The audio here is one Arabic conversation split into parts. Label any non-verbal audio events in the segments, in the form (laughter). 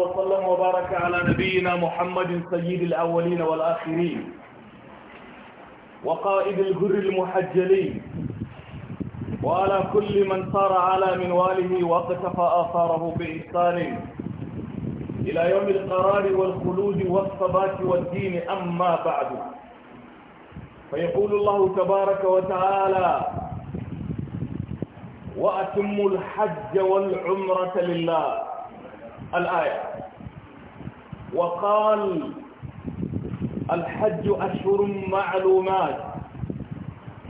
وسلم وبارك على نبينا محمد سيد الأولين والآخرين وقائد الجر المحجلين وعلى كل من صار على منواله واقتفى آثاره بإحسان إلى يوم القرار والخلود والصبات والدين أما بعد فيقول الله تبارك وتعالى وأتم الحج والعمرة لله الآية وقال الحج أشهر معلومات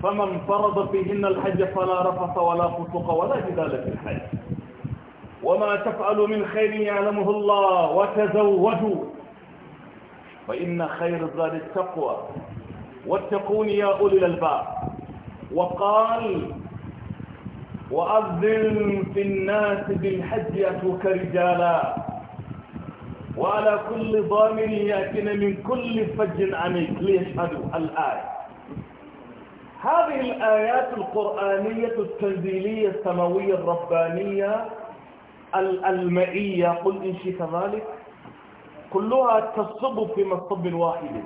فمن فرض فيهن الحج فلا رفث ولا فسق ولا جدال في الحج وما تفعل من خير يعلمه الله وتزوجوا فإن خير ذات التقوى واتقون يا أولي الألباب وقال وأذن في الناس بالحج أتوك رجالا وعلى كل ضامن يأتينا من كل فج عميق ليشهدوا الآية هذه الآيات القرآنية التنزيلية السماوية الربانية المائية قل إن شئت ذلك كلها تصب في مصب واحد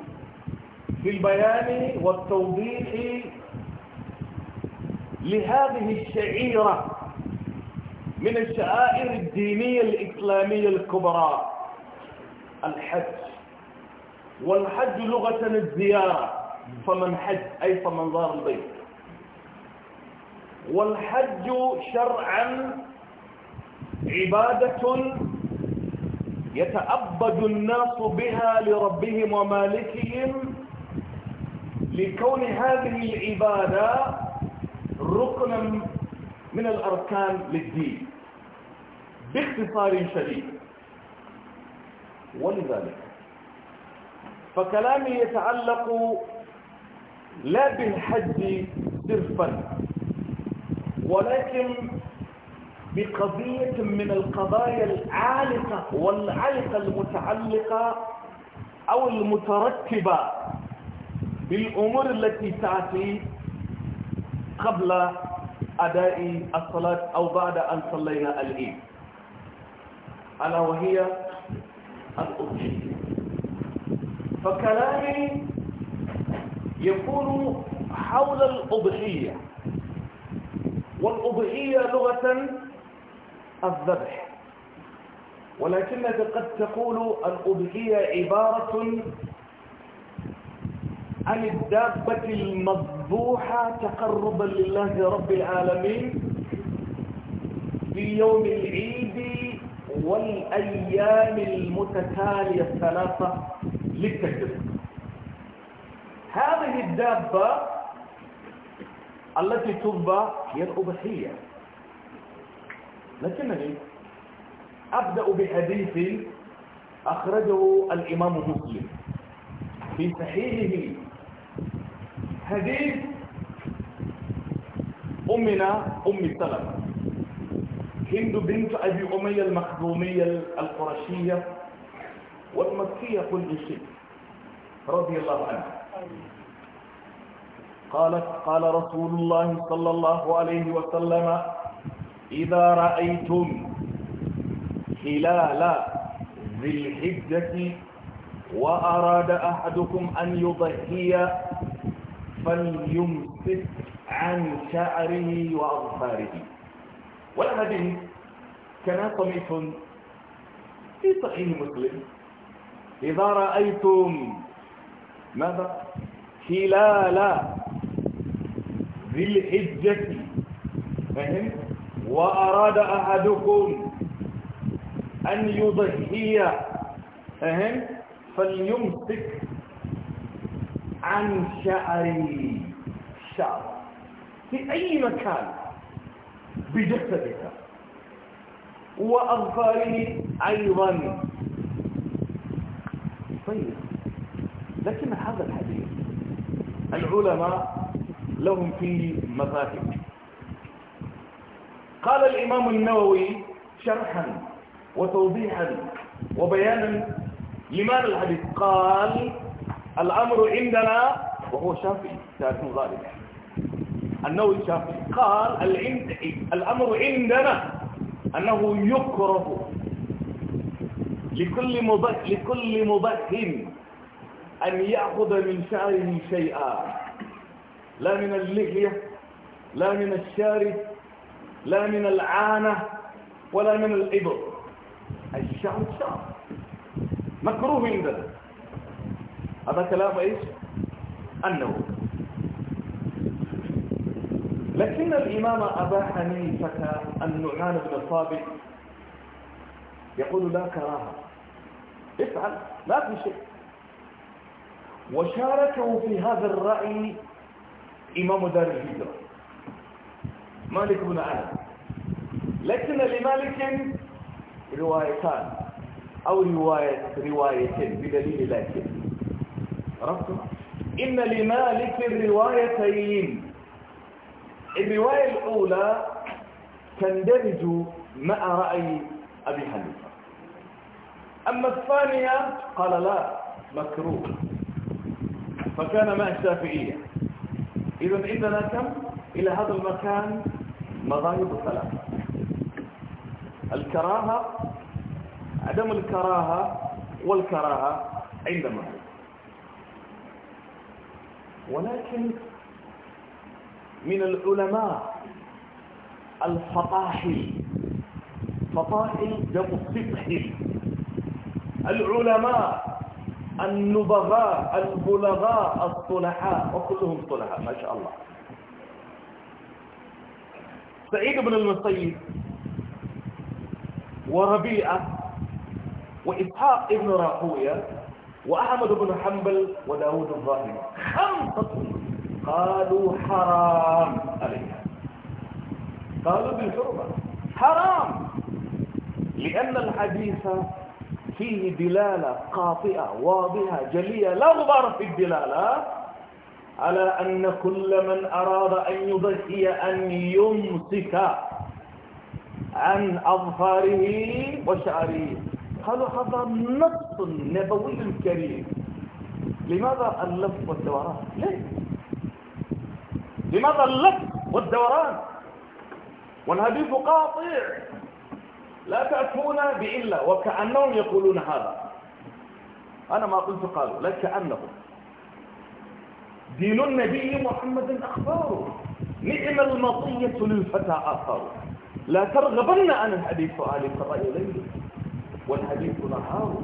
في البيان والتوضيح لهذه الشعيرة من الشعائر الدينية الإسلامية الكبرى الحج والحج لغة الزيارة فمن حج أي فمن زار البيت والحج شرعا عبادة يتأبد الناس بها لربهم ومالكهم لكون هذه العبادة ركنا من الأركان للدين باختصار شديد ولذلك فكلامي يتعلق لا بالحج صرفا ولكن بقضية من القضايا العالقة والعالقة المتعلقة أو المترتبة بالأمور التي تأتي قبل أداء الصلاة أو بعد أن صلينا الإيد ألا وهي القدسي فكلامي يكون حول الأضحية والأضحية لغة الذبح ولكنك قد تقول الأضحية عبارة عن الدابة المذبوحة تقربا لله رب العالمين في يوم العيد والأيام المتتالية الثلاثة للتكبير هذه الدابة التي تبى هي الأبحية لكنني أبدأ بحديث أخرجه الإمام مسلم في صحيحه حديث أمنا أم سلمة هند بنت أبي أمية المخزومية القرشية والمكية كل شيء رضي الله عنها قالت قال رسول الله صلى الله عليه وسلم إذا رأيتم خلال ذي الحجة وأراد أحدكم أن يضحي فليمسك عن شعره وأظفاره والحديث كان صميت في صحيح مسلم إذا رأيتم ماذا خلال ذي الحجة فهم وأراد أحدكم أن يضحي فهم فليمسك عن شعري شعر في أي مكان بجسدك وأظفاره أيضا طيب لكن هذا الحديث العلماء لهم فيه مفاهيم قال الإمام النووي شرحا وتوضيحا وبيانا لماذا الحديث قال الأمر عندنا وهو شافعي تعرفون غالب النووي الشافعي قال العند الأمر عندنا أنه يكره لكل مبكر لكل مبكر أن يأخذ من شعره شيئا لا من اللحية لا من الشارب لا من العانة ولا من الإبر الشعر الشعر مكروه عندنا هذا كلام إيش النووي لكن الإمام أبا حنيفة النعمان بن صابت يقول لا كراهة افعل لا في شيء وشاركه في هذا الرأي إمام دار الهجرة مالك بن عالم لكن لمالك روايتان أو رواية روايتين بدليل لكن عرفتم إن لمالك روايتين الرواية الأولى تندرج مع رأي أبي حنيفة أما الثانية قال لا مكروه فكان مع الشافعية إذا عندنا كم إلى هذا المكان مظاهر ثلاثة الكراهة عدم الكراهة والكراهة عندما ولكن من العلماء الفطاحل فطاحل جمع فطحل العلماء النبغاء البلغاء الصلحاء وكلهم صلحاء ما شاء الله سعيد بن المصيب وربيعة وإسحاق بن راهوية وأحمد بن حنبل وداود الظاهر خمسة قالوا حرام عليها قالوا بالحرمة حرام لأن الحديث فيه دلالة قاطئة واضحة جلية لا غبار في الدلالة على أن كل من أراد أن يضحي أن يمسك عن أظفاره وشعره قالوا هذا نص نبوي كريم لماذا اللف والدوران ليه لماذا اللف والدوران والحديث قاطع لا تأتون بإلا وكأنهم يقولون هذا أنا ما قلت قالوا لا كأنهم دين النبي محمد أخبار نعم المطية للفتى آخر لا ترغبن عن الحديث آل الرأي ليل والحديث نهار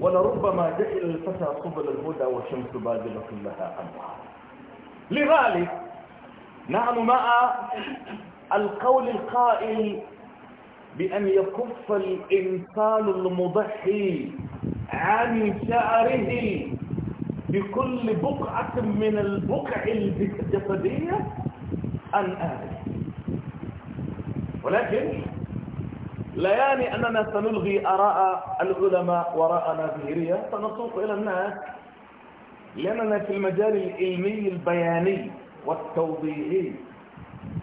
ولربما جعل الفتى قبل الهدى وشمس بادلة لها أنوار لذلك نحن مع القول القائل بأن يكف الإنسان المضحي عن شعره بكل بقعة من البقع الجسدية أن أهله ولكن لا يعني أننا سنلغي آراء العلماء وراءنا ظهيرية سنسوق إلى الناس لأننا في المجال العلمي البياني والتوضيحي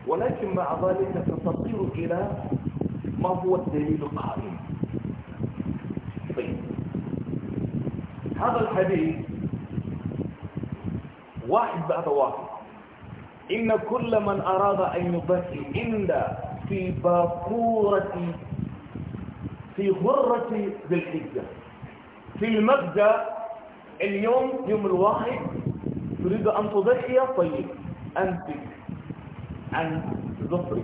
ولكن مع ذلك تتطير إلى ما هو الدليل القائم طيب هذا الحديث واحد بعد واحد إن كل من أراد أن يبكي عند في باكورة في غرة بالحجة في المبدأ اليوم يوم الواحد تريد أن تضحي طيب أنتج عن ظفري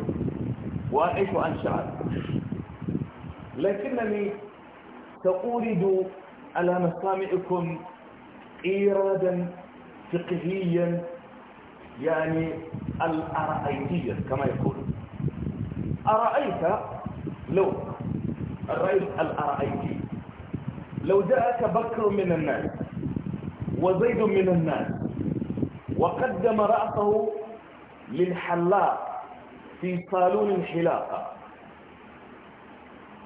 وأعيش عن شعري لكنني سأولد على مسامعكم إيرادا فقهيا يعني الأرأيتية كما يقول أرأيت لو الرئيس الأرأيتي لو جاءك بكر من الناس وزيد من الناس وقدم رأسه للحلاق في صالون الحلاقة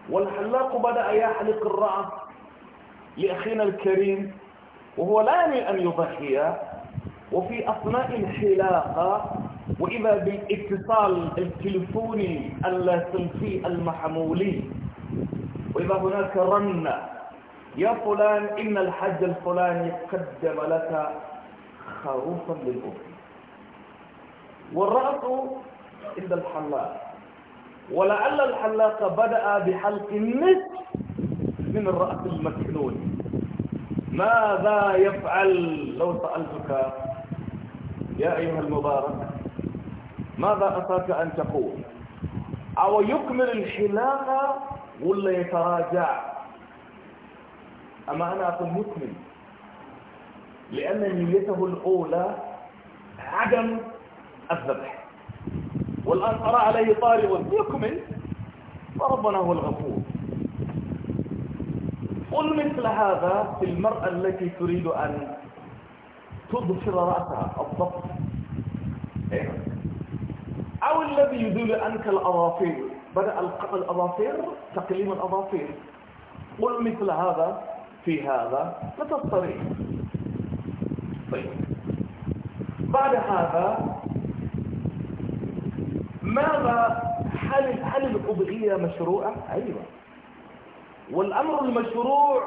والحلاق بدأ يحلق الرأس لأخينا الكريم وهو لا يمي أن يضحي وفي أثناء الحلاقة وإذا بالاتصال التلفوني اللاسلكي المحمولي وإذا هناك رنة يا فلان إن الحج الفلاني قدم لك خروفا للأم والرأس عند الحلاق ولعل الحلاق بدأ بحلق النصف من الرأس المكنون ماذا يفعل لو سألتك يا أيها المبارك ماذا أتاك أن تقول أو يكمل الحلاقة ولا يتراجع أما أنا أكون مكمل لأن نيته الأولى عدم الذبح والآن قرأ عليه طالب يكمل وربنا هو الغفور قل مثل هذا في المرأة التي تريد أن تضفر رأسها الضبط إيه؟ أو الذي يدل عنك الأظافير بدأ الأظافير تقليم الأظافير قل مثل هذا في هذا لا تضطرين طيب بعد هذا ماذا هل هل الابغيه مشروعة؟ أيوة والأمر المشروع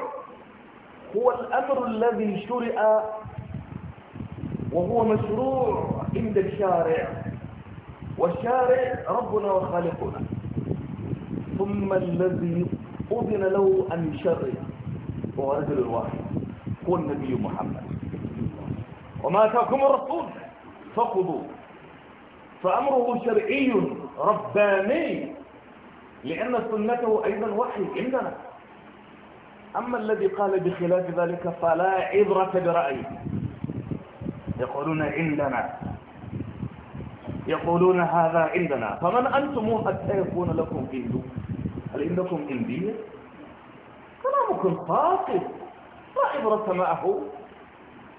هو الأمر الذي شرع وهو مشروع عند الشارع والشارع ربنا وخالقنا ثم الذي أذن له أن يشرع هو رجل واحد هو النبي محمد وما أتاكم الرسول فخذوا فأمره شرعي رباني لأن سنته أيضا وحي عندنا أما الذي قال بخلاف ذلك فلا عبرة برأيه يقولون عندنا يقولون هذا عندنا فمن أنتم حتى يكون لكم إندو هل عندكم إندية كلامكم خاطئ لا عبرة معه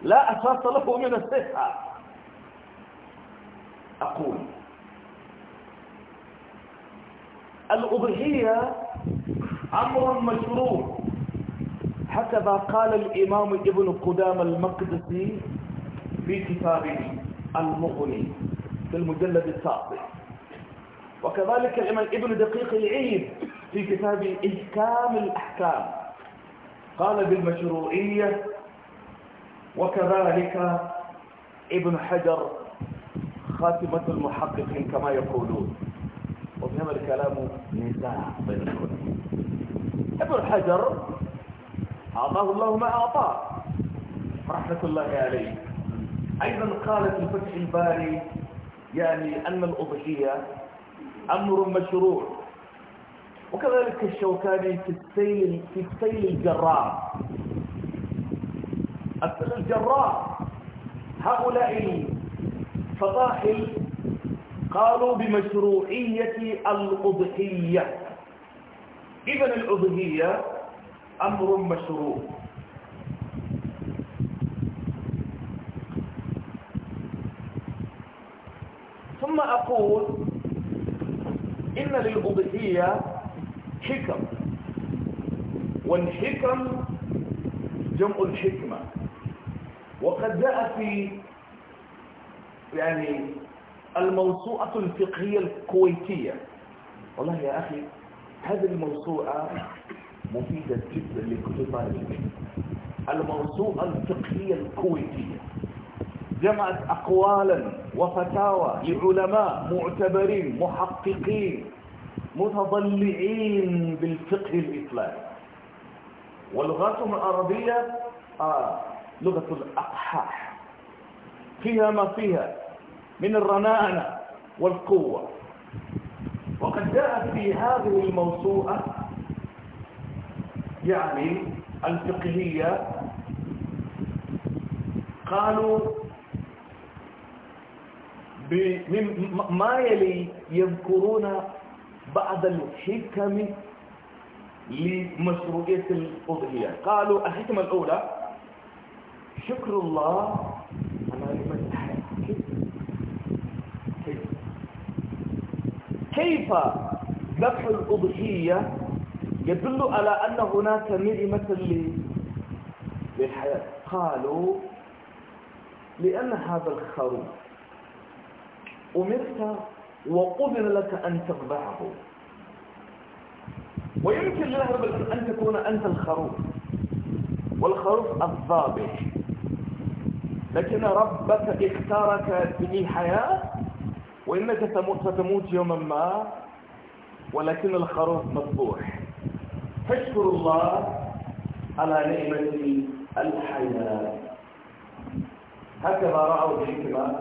لا أساس له من الصحة أقول الأضحية أمر مشروع ما قال الإمام ابن قدام المقدسي في كتابه المغني في المجلد التاسع وكذلك الإمام ابن دقيق العيد في كتاب إحكام الأحكام قال بالمشروعية وكذلك ابن حجر خاتمة المحققين كما يقولون وفيهم الكلام نزاع بين الكل ابن حجر أعطاه الله ما أعطاه رحمة الله عليه أيضا قال في فتح الباري يعني أن الأضحية أمر مشروع وكذلك الشوكاني في السيل, في السيل الجرام الطفل الجراح هؤلاء الفطاحل قالوا بمشروعية الأضحية إذا الأضحية أمر مشروع ثم أقول إن للأضحية حكم والحكم جمع الحكمة وقد جاء في يعني الموسوعة الفقهية الكويتية والله يا أخي هذه الموسوعة مفيدة جدا لكتب العلم الموسوعة الفقهية الكويتية جمعت أقوالا وفتاوى لعلماء معتبرين محققين متضلعين بالفقه الإسلامي ولغتهم العربية آه لغة الأقحاح فيها ما فيها من الرنانة والقوة وقد جاءت في هذه الموسوعة يعني الفقهية قالوا ما يلي يذكرون بعض الحكم لمشروعية الأضحية قالوا الحكمة الأولى شكر الله على نعمة الحياة كيف كيف ذبح الأضحية يدل على أن هناك نعمة للحياة قالوا لأن هذا الخروف أمرت وقدر لك أن تذبحه ويمكن لله رب أن تكون أنت الخروف والخروف الضابح لكن ربك اختارك الحياة وإنك ستموت يوما ما ولكن الخروف مفتوح فاشكر الله على نعمة الحياة هكذا رأوا الحكمة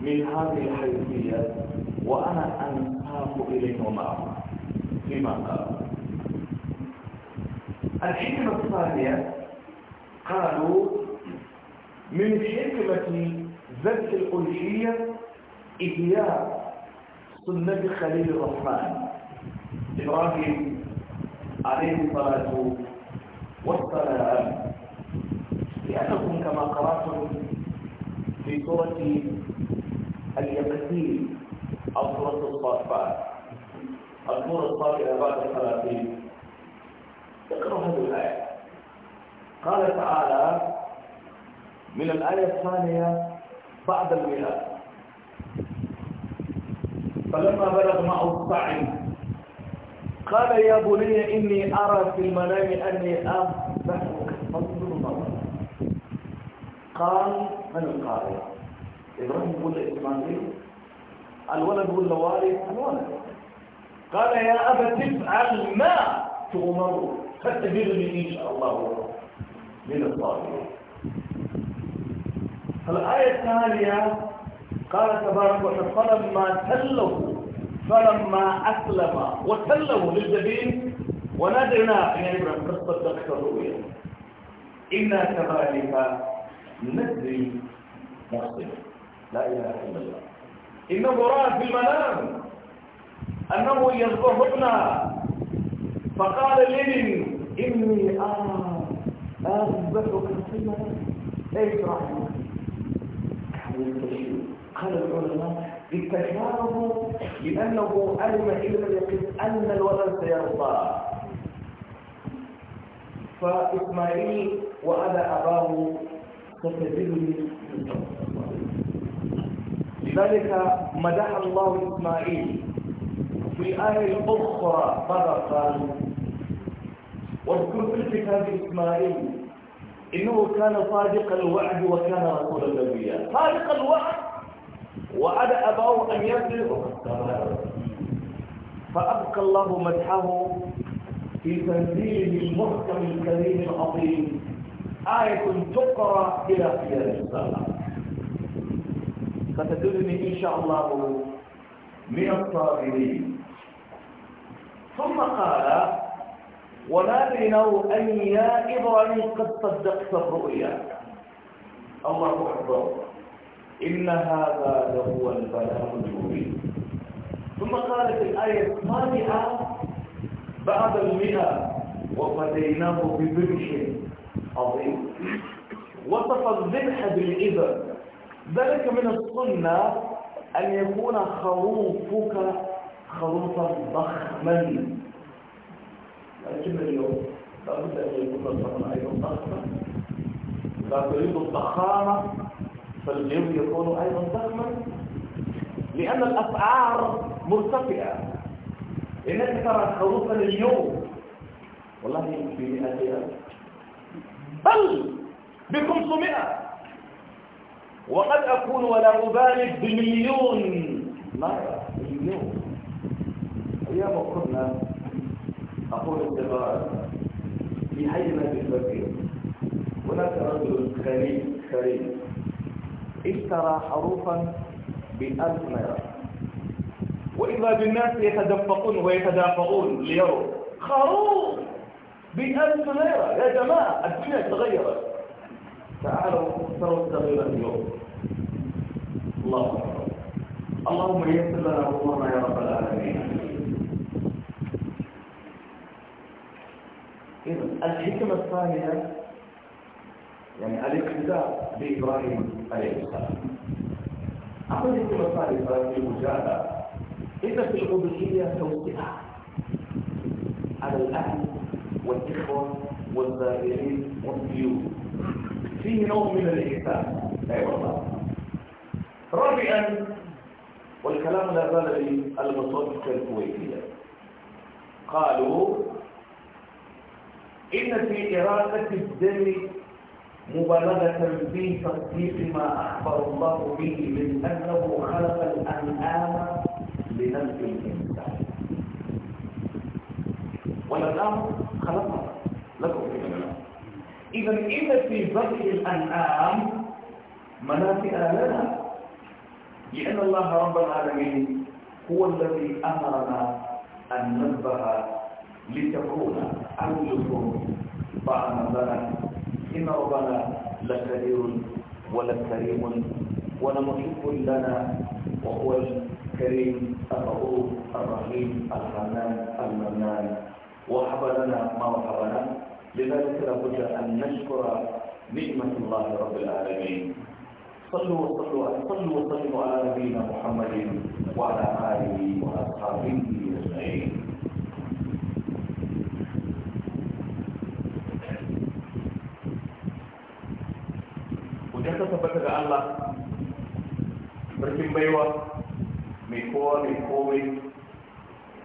من هذه الحيثية وأنا أنساق إليهما فيما قال الحكمة الثانية قالوا من حكمة ذات الألفية إهياء سنة خليل الرحمن إبراهيم عليه الصلاة والسلام لأنكم كما قرأتم في سورة اليمسين أو سورة الصافات السورة الصافية بعد الثلاثين اقرأوا هذه الآية قال تعالى من الآية الثانية بعد الميلاد فلما بلغ معه الصعي قال يا بني إني أرى في المنام أني أذبحك فانظر نظرا قال من القارئ إبراهيم ولا إسماعيل الولد ولا والد الولد قال يا أبا تفعل ما تؤمر فتجرني إن شاء الله من الصالحين الآية الثانية قال تبارك وتعالى فلما تلوا فلما أسلم وتلوا للجبين ونادينا يا يعني إبراهيم قصة ذلك رؤيا إنا كذلك نجري محسن لا إله إلا الله إنه رأى في المنام أنه يذبحنا فقال لي إني آه أذبحك في المنام ليس رحمك قال العلماء بتكراره لأنه علم علم اليقين أن الولد سيرضى فإسماعيل وأنا أباه ستزلني لذلك مدح الله إسماعيل في الآية الأخرى ماذا قال واذكر في كتاب إسماعيل إنه كان صادق الوعد وكان رسول النبي صادق الوعد وعد أباه أن يصل فأبقى الله مدحه في تنزيله المحكم الكريم العظيم آية تقرأ إلى قيام الساعة ستجدني إن شاء الله من الصابرين ثم قال وما بينه أن يا إبراهيم قد صدقت الرؤيا الله أكبر إن هذا لهو البلاء المبين ثم قال في الآية الثانية بعد المئة وفديناه بذبح عظيم وصف الذبح بالإبر ذلك من السنة أن يكون خروفك خروفا ضخما لكن اليوم لابد أن يكون الفهم أيضا ضخما إذا تريد الضخامة فالجيم يكون أيضا ضخما لأن الأسعار مرتفعة إنك ترى خروفا اليوم والله ب 100 ريال بل ب 500 وقد أكون ولا أبالغ بمليون مرة مليون أيام كنا أقول القراءة في حي ما تفكر هناك رجل كريم كريم اشترى حروفا بألف ليرة وإذا بالناس يتدفقون ويتدافعون ليروا خروف بألف ليرة يا جماعة الدنيا تغيرت تعالوا اشتروا التغيير اليوم الله أكبر اللهم يسر لنا ربنا يا رب العالمين الحكمة الثانية يعني الاقتداء بإبراهيم عليه السلام أما الحكمة الثالثة في المجادة إن في العبودية توسعة على الأهل والإخوة والزائرين والديون فيه نوع من الإحسان أي أيوة والله رابعا والكلام لا في المصادقة الكويتية قالوا إن في إرادة الدم مبالغة في تصديق ما أخبر الله به من أنه خلق الأنعام لنفس الإنسان والأنعام خلقها لكم في إذا إذا في ذبح الأنعام منافع لنا لأن الله رب العالمين هو الذي أمرنا أن نذبح لتكون أن يكون طعم بنا إن ربنا لكبير ولكريم ولمحب لنا وهو الكريم الرؤوف الرحيم الحنان المنان وهب لنا ما وهبنا لذلك لابد أن نشكر نعمة الله رب العالمين صلوا وصلوا صلوا وسلموا على نبينا محمد وعلى آله وأصحابه أجمعين Allah sarkin baiwa mai kowa mai komai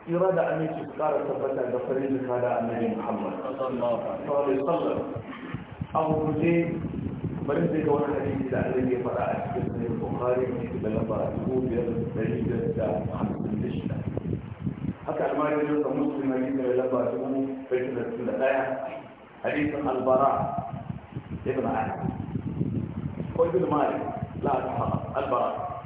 tsira da aminci su kara tabbata da farin jika da annabi Muhammad sallallahu alaihi wasallam abu guje bari da ga wani hadisi da annabi ya faɗa a cikin sahih Bukhari ne da lamba 2556 haka almajirin da muslim ne da lamba 2561 hadisin albara ibn Anas وابن مالك لا أتحرى البراء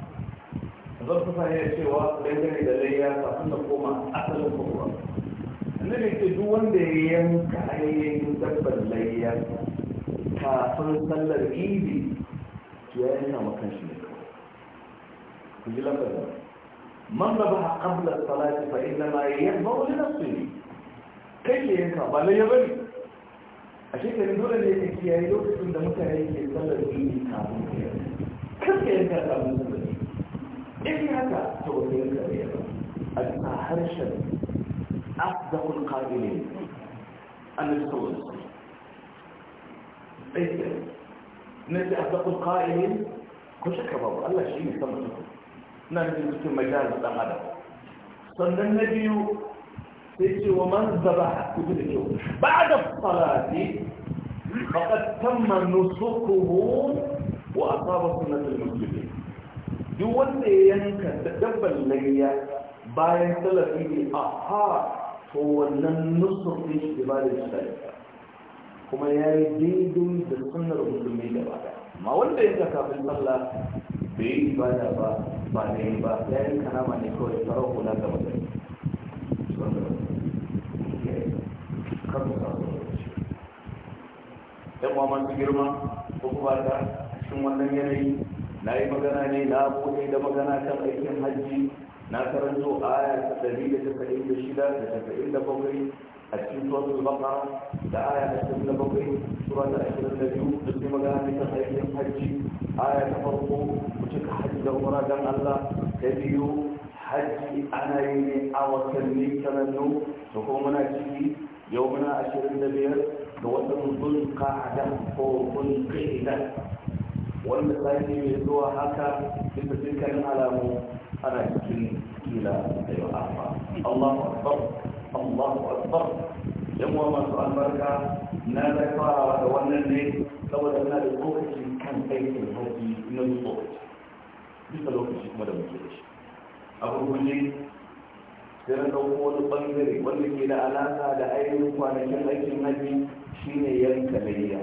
ظرف صحيح cewa dangane da layya kafin da koma asalin kowa annabi ce duk wanda ya yanka ayyayin dabbar layya kafin sallar idi ya yana makan shi ne ku ji lafazin man da ba qabla salati fa inna ma yanbaghu li nafsihi kai ke yanka ba layya ne. عشان كده دول اللي في ايلو كنت ممكن اجي اتصل بيه كيف كان ده ممكن ايه هذا طول الكبير اجمع حرشة افضل القائلين ان الصوت ايه نفس افضل القائلين كشك بابا الله شيء يسمى نعم يسمى مجال هذا صلى النبي sai ce wa man zaba da kyau ba da salati faƙad tamma nusukuhu wa asaba sunnatul muslimin duk wanda ya yanka da layya bayan salafi ne a ha to wannan nusukin shi ba da shi kuma ya yi daidai da sunnar musulmi da ba amma wanda yanka kafin sallah bai yi ibada ba ba ne ba ya yanka nama ne kawai farauku na gaba da kan mu samu yan uwa masu girma ko kuma ta cikin wannan yanayi na yi magana ne na buɗe da magana kan aikin hajji na karanto aya ta ɗari da tasa'in da shida da tasa'in da bakwai a cikin suratul baqara da aya ta tasa'in da bakwai sura ta ashirin da biyu da su magana ne kan aikin hajji aya ta farko ku cika hajji da umara don allah ta biyu hajji ana yi ne a watanni sanannu da kuma muna ciki yau muna ashirin da biyar da watan zulkada ko zulkaida wanda sati mai zuwa haka bisa dukkan alamu ana cikin kila da yau arfa Allahu akbar Allahu akbar yan uwa masu albarka na da farawa da wannan ne saboda ina da lokacin kan aikin hauki na lokaci bisa lokaci kuma da muke da shi abubuwan sai na ɗauko wani ɓangare wanda ke da alaƙa da ainihin kwanakin aikin hajji shine yanka layya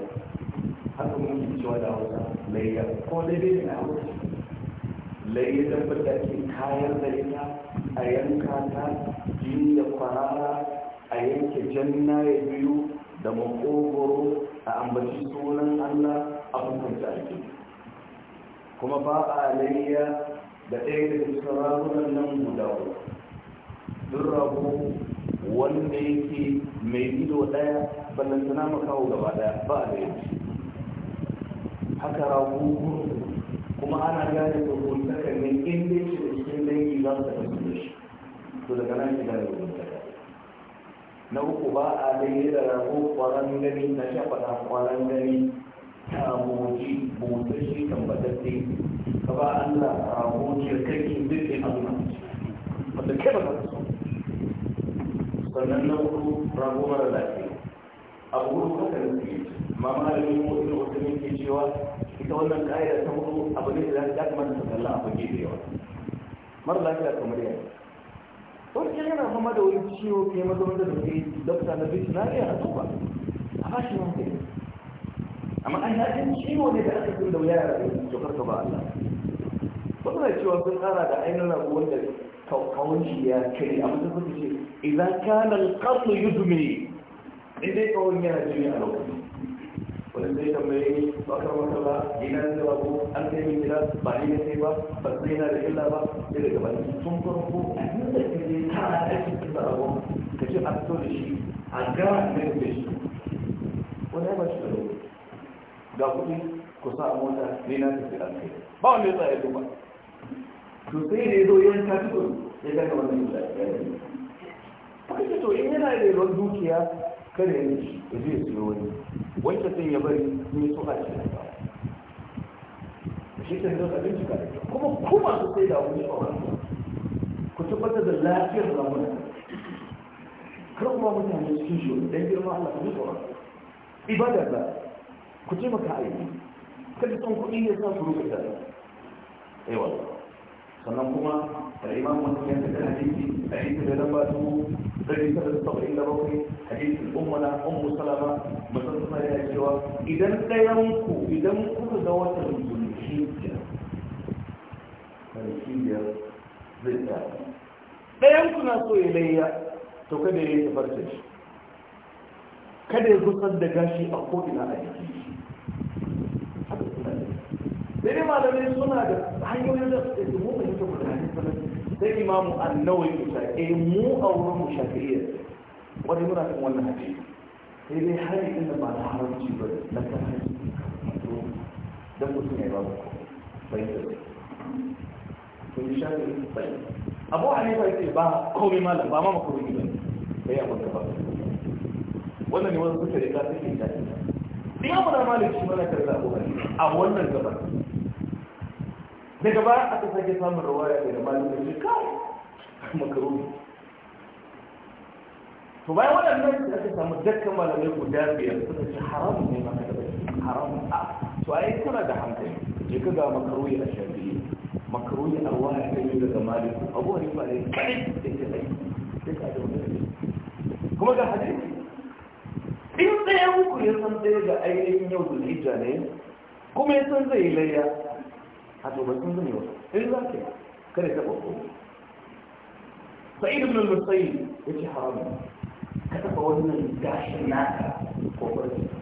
haka muke cewa da hausa layya ko daidai na hausa layya tabbata ke kayan da ita a yanka ta jini da kwarara a yanke janna ya biyu da makogoro a ambaci sunan allah a hukunta ake kuma ba a layya da ɗaya da cikin ragunan nan guda uku duk rago wanda yake mai ido daya ballantana makawo gaba daya ba da yanci haka rago kuma ana gane da hulɗakar ne in dai shi da cikin dangi za su tafi da shi to daga nan ki gane hulɗakar na uku ba a dai da rago kwaran gani na shafaɗa kwaran gani ta moji motashi tambatacce ka ba Allah rago cirkakin zai zai abu na wanda kai ba ka so wannan na hudu rago mara lafiya abu hudu haka da suke ma malamin ko ina wasu ne ke cewa ita wannan ka'ida ta hudu abu ne da ya kamata ta kalla a fage da yawa mara lafiya kamar yau wani ke yana fama da wani ciwo ke maza wanda da ke dokta na bisu na iya rasu ba a ba shi hankali amma an yi ciwo ne da aka fi da yara da cokar ta ba Allah wasu na cewa sun kara da ainihin rabuwar da kawon ya kare amma da kuka ce idan kana alqarnu yudmi idai kawon yana jini a lokacin wani zai tambaye bakar masala ina da babu an kai min gida ba ni sai ba ba sai na da illa ba sai daga bani sun farko a inda ka je kana aikin kisa abu ka ce a fito da shi a gara ne da shi wani ya ba shi da lokaci ga kuɗi ku sa mota ni na tafi an kai ba wanda ya tsaya duba to sai da ya zo yan kasuwan ya daga wannan guda ya ne kwanke to in yana da yawan dukiya kada ya nishi ya zai siyo wani wanda sun ya bari ne so a cikin ba shi ta hanyar abinci ka kuma kuma su sai da wani shawar ku tabbatar da lafiyar ramunan kar kuma mutane cikin shi don girma Allah ku shawar ibada ba ku taimaka a yi kada son kuɗi ya sa su rubuta yawa sannan kuma da imam wani yanka da hadisi da hadisi da lamba dubu dari tara da saba'in da bakwai hadisin ummana an salama mutum suna yana cewa idan ɗayan ku idan kuka ga watan zulhijja zulhijja zai tsaya ɗayan ku na so ya layya to kada ya yi tafarta shi kada ya gusar da gashi a ko'ina a jiki sai dai malamai suna da hanyoyin da suke su mu fahimta mu da hadisi sai imamu annawawi ya sa eh mu a wurin mu shafi'iyya wani muna kan wannan hadisi sai dai hari inda ba da haramci ba na kan hadisi don mutum ya yi ba bai da kun shafi'i bai abu a ne hanifa yake ba komai malam ba ma makuru ne bai ya kwanta ba wannan ne wani suka rika suke da ni abu da malin shi mana karza a wannan gaban daga baya aka sake samun rawaya daga malamai shi kai makaroni to bayan waɗannan da aka samu dukkan malamai guda biyar suka ce haramun ne maka da bai haramun a to yi kuna da hankali je ka ga makaroni a shafi? makaroni a waya ta yi daga malin abu wani ba ne kai da ke sai sai ka da wani kuma ga hadisi in tsaye uku ya san tsaye ga ainihin yau zulhijja ne kuma ya san zai layya هذا ما دنيا وصل إلا إيه كده كده تبقى سعيد بن المصيب يجي إيه حرام كتب وزن الجاش الناس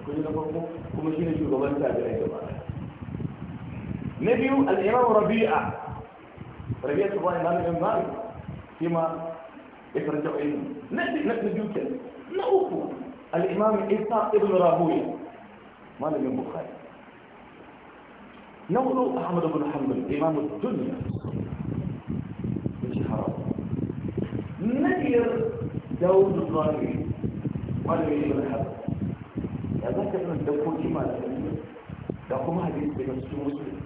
كلنا برضو كما شيء نشوف غبان تابع يا جماعة نبي الإمام ربيعة ربيعة الله إمام الإمام فيما يترجع إليه نبي نبي جوكا نأوكو الإمام إسحاق ابن راهوية ما لم يبخاري نقول أحمد بن حنبل إمام الدنيا من شهر نذير داود الظاهري قال لي ابن حبل يا ذكر من دفو جمع الأمير دفو مهديث بين السوم مسلم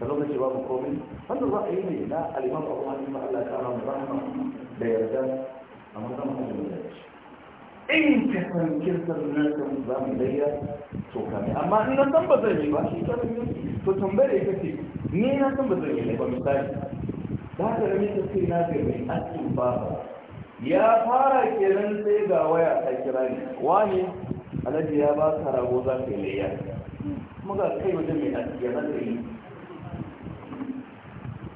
فلو من جواب قومي هل الرأي لي لا الإمام أبو حنبل الله كرم رحمه بيردان أمام رحمه من ذلك in ka san na kan za mu layya to ka amma in na san ba zai yi ba shi ta ne to tambayar ita ce ni na san ba zai yi ba misali da ta ce na ga mai asin ba ya fara kiran sai ga waya ta kira ne wani alhaji ya ba ka rago za ka yi layya kuma ga kai wajen mai asin ya zai yi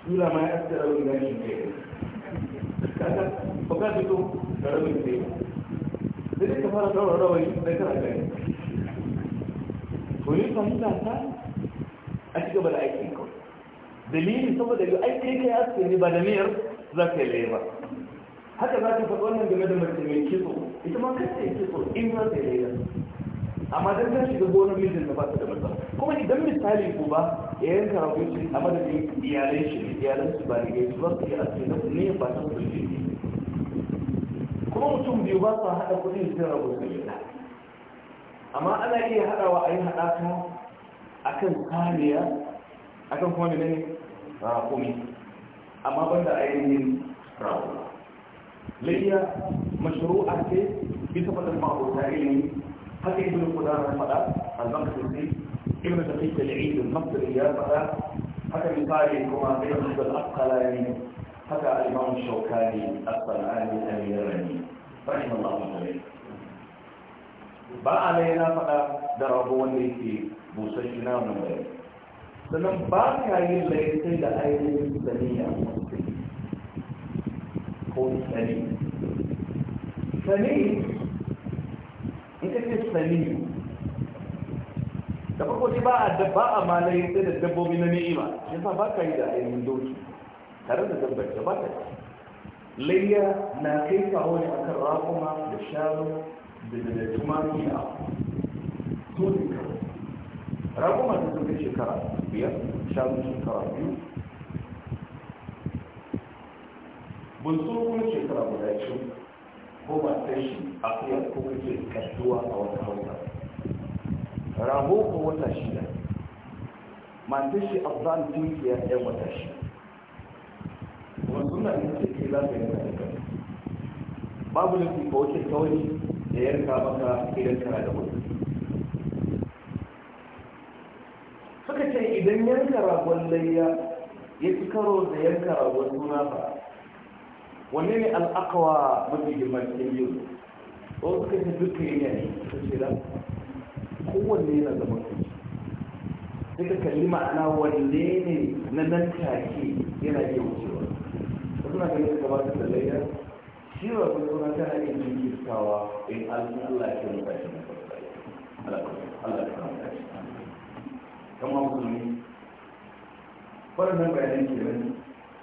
kila ma ya asin rawin gani ne (laughs) ka ka ka ka fito ka sai dai ka fara ɗaura rawani sai kana gani to yin fahimta ta a ci gaba da aikin kawai dalilin saboda yi aiki kai aske ne ba da niyyar za ka yi laye ba haka za ka faɗi wannan game da mace mai kitso ita ma kanta yi kitso in za ta yi laye amma don ta shiga gona mijin da ba ta da matsala kuma idan misali ko ba ya yanka rabu shi a madadin iyalai shi ne iyalan su ba da gaisu ba su yi aske na ne ba ta su ne kuma mutum biyu ba su haɗa kudin su rabu su gida amma ana iya haɗawa a yi haɗaka a kan kariya a kan kuma da ne rakumi amma banda ainihin rawu layya mashru'a ce bisa faɗin ma'abota ilimi haka ibn kudanar faɗa al-maqdisi ibn tafiyyar al-eid al-maqdisi ya faɗa haka misali kuma ibn abdul aqalani haka al'imam shaukani a sanani al-yarani rahim Allah ta'ala ba a ne na faɗa da rago wanda yake busashi na mun bai sannan ba ka yi laifin da ainihin saniya ko sani sani ita ce sani da farko ba a ba a ma laifin da dabbobi na ni'ima yasa ba ka yi da ainihin doki tare da zambar ba ne. layya na kai kawo ne kan rakuma da shanu da da tumaki a tuni kawai rakuma da zuka shekara biyar shanu shekara biyu bunsu kuma shekara guda ce ko ba ta shi a kuyar ko kake kasuwa a wata hausa rago ko wata shida mantashi shi afghan tunkiya yan wata shida babu na yin ciki za da kai babu nufi ko wuce kawai da yanka maka idan kana da wani suka ce idan yanka ragon layya ya fi karo da yanka ragon suna ba wanne ne al'akawa mafi girman cikin yau ko suka ce duka ne suka ce da kowanne yana zama kai suka kalli ma'ana wanne ne na nan take yana iya wucewa suna da gabatar da layya shi ba kuma suna ta hanyar jinkirtawa in alfin allah ya mutu shi na allah ya ta shi kama musulmi waɗannan bayanan kenan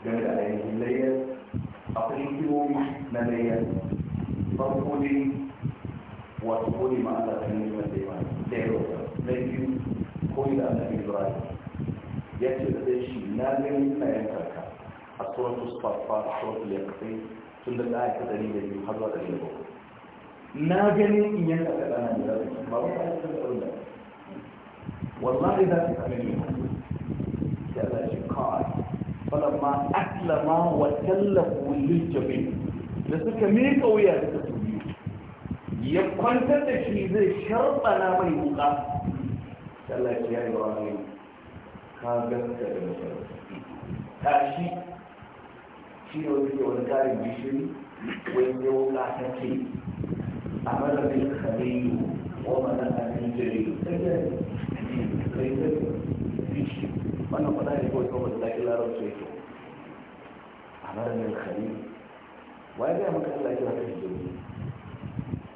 game da ainihin layya akwai kiwomi na layya farko ne wato kone ma allah ta nemi wanda ya mana da ya rota na biyu koyi da annabi ibrahim ya ce da shi na ganin ina yankarka السورة الصفات سورة اليقين تند الآية دليل اللي حضر دليل بقى ناجني إن ينك الآن ما بقى يقول والله إذا تتعلمين كذا شقاء فلما أسلم وسلم للجبين لسك ميك ويا تتبين يبقى أنت تشيزي شرطنا من يبقى كلا يا إبراهيم كان قد كذا كاشي shi ne wani da wani karin gishiri wani yau a kare wa wannan ne kawai kawai da ake larar su yake a wa ya gaya maka Allah ya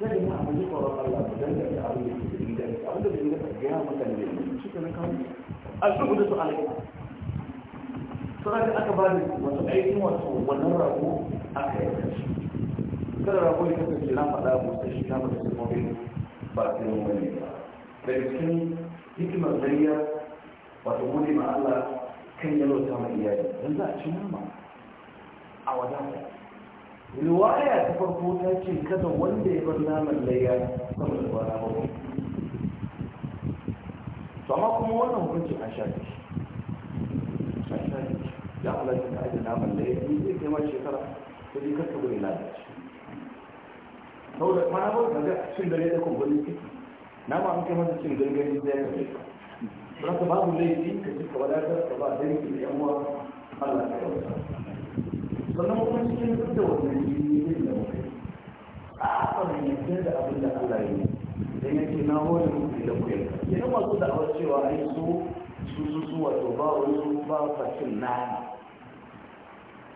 sai ma da Allah ku da da ke da da ka gaya maka ne shi a da su suna da aka bada wasu aikin wato wannan rago aka yi kashi kada rago ya kasance na faɗa ko sai shi kama da sumobin ba ta yi wani ba daga cikin hikimar zariya wato gode ma Allah kan yalwata mai iyali don za a ci nama a wadata riwaya ta farko ta ce kada wanda ya bar naman layya saboda ba na ba to amma kuma wannan hukunci a shafi shi a shafi ya halatta da ake naman da ya yi zai kai shekara ta ji kasta gudun lalace sau da mana ba ka ga cin dare da kwangwani Na nama an kai masa cin gangari zai ka kai ba ka babu laifi ka ci ka wadatar ka ba dangi da yan uwa Allah ka yauta sannan kuma cikin duk da wannan jini ne da muka yi a tsarin yankin da abin da Allah ya yi dan yake na hori muku da ku yanka yana masu da'awar cewa ai su su su wato ba wani su ba fashin nama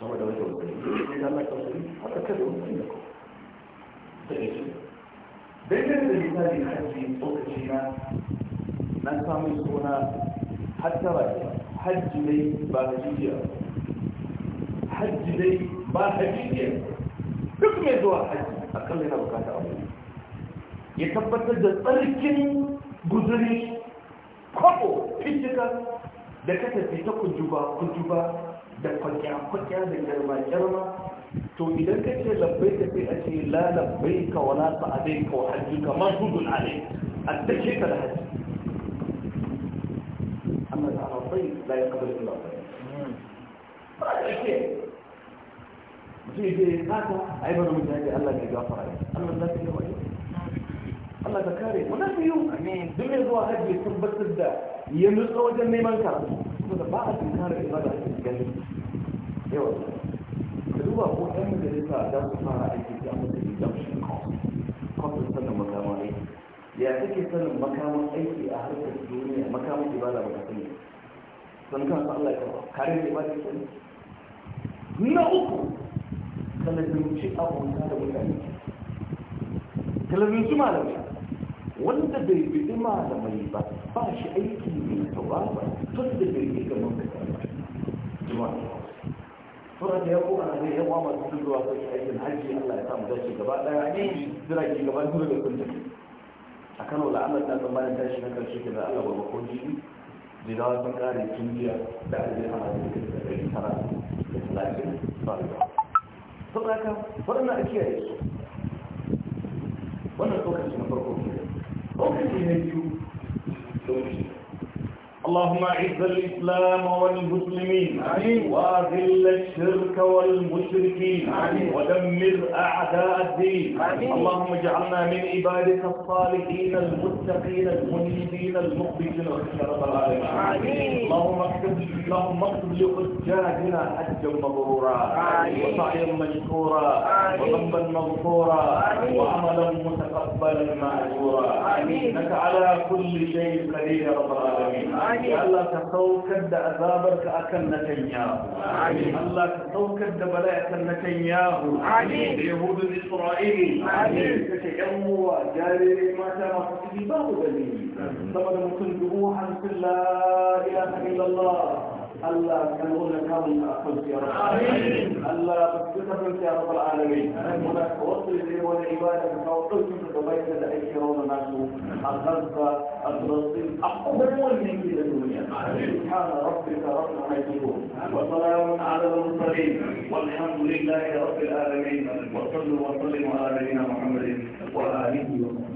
saboda wata wani da Allah tausayi haka kada wani da da da tsokaci na na suna dai ba dai ba duk mai zuwa hajji yana bukata abu ya tabbatar da tsarkin guzuri kwabo fitika da ka tafi ta kujuba kujuba da kwakya-kwakya da girma-girma to idan ka ce labbai ka sai a ce la labbai ka wala ta adai ka wa hajji ka mahudun alai a take ka da hajji amma da arafai la ya kabar ila ba a ƙarshe mutum ya ce kaka a yi bada mutane allah ka gafara ne allah za ka yi wani allah ka kare wani su yi domin zuwa hajji tabbatar da ya nutsa wajen neman karatu haka ba a tunkarar ibada a cikin gani yawa ka duba ko ɗan majalisa za su fara aiki da amma da redemption cost kwamfin sannan makaman aiki ya take sanin makaman aiki a harkar duniya makaman ibada ba ka sani sun kan sa Allah ya kawo kare da ibada ke na uku kalabinci abota da mutane kalabinci malamai wanda bai bi malamai ba ba shi aiki ba tun da bai yi ga mun jama'a sauran da ya ko ana zai yawa masu sun zuwa sai aikin hajji Allah ya samu dace gaba daya ne zira ki gaba dole da kun tafi a Kano la Allah ta san da tashi na karshe ke da Allah ba ko ji jirawa sun kare tun jiya da aje ana da kai tara da talatin ba da saboda haka wannan ake yi wannan lokaci na farko lokaci na biyu lokaci اللهم اعز الإسلام والمسلمين وأذل الشرك والمشركين ودمر أعداء الدين اللهم اجعلنا من عبادك الصالحين المتقين المنيبين المخبتين رب العالمين اللهم اكتب اللهم اكتب لحجاجنا حجا مبرورا وسعيا مشكورا وذنبا مغفورا وعملا متقبلا ماجورا انك على كل شيء قدير يا رب العالمين الله تتوكى أذابرك أكل نتنياه الله تتوكى بلاء أكل نتنياه اليهود الإسرائيل تتعم وجاري ما ترى فتجيبه دليل طبعا من كل جموحا في الله إله إلا الله ألا كنقول لك هذا يا رب الله تثبت يا رب العالمين ولك وصل لي والعبادة فوقت في بيت الأشياء والناس أخذت الفلسطين أقوى من كل الدنيا سبحان ربك رب العالمين وسلام على المرسلين والحمد لله رب العالمين وصلوا وسلموا على نبينا محمد وآله وصحبه